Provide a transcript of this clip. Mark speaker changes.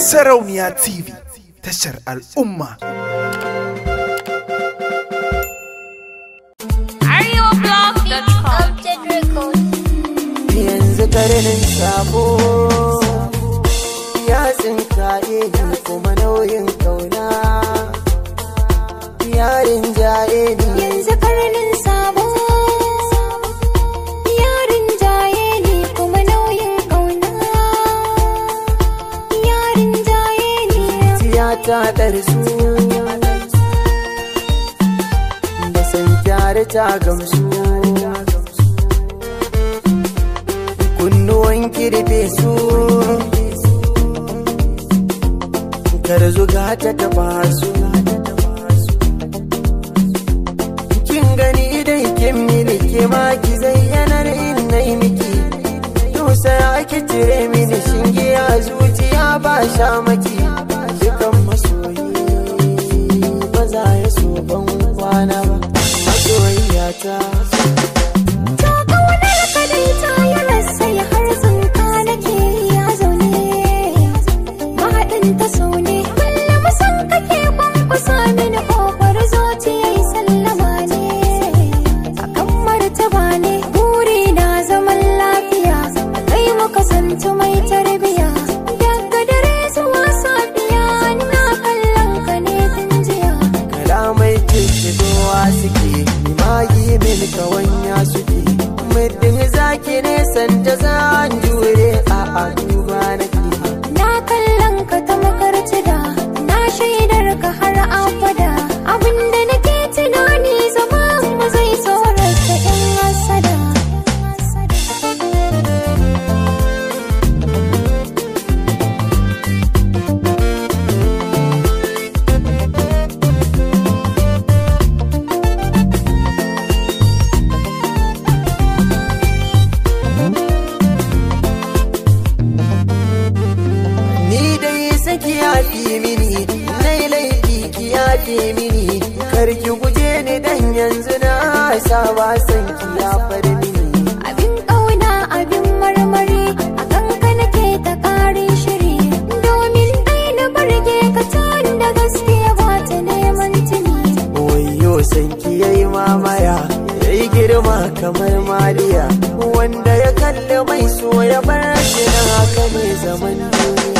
Speaker 1: Sarauniya TV tashar al'umma.
Speaker 2: Yanzu karnin sabo ya tsinka kuma nauyin kauna yarin jaye ta ɗarsu da san kyare ta gamsu kunnuwan kirfe su zuga ta taba su kin gani dai kin miliki ma ki zayyanar innai miki dusa ya ki cire mini shinge a zuciya ba sha maki da zani sai ki fi mini nai laifi ki ya fi mini kar ki guje ni dan yanzu na saba san ki ya fara mini abin kauna abin marmari akan ka nake ta kare shiri domin ai na barge ka tun da gaskiya ba ta neman tuni oyo san ki yayi mamaya yayi girma kamar mariya wanda ya kalli mai so ya bar shi na haka mai zaman duniya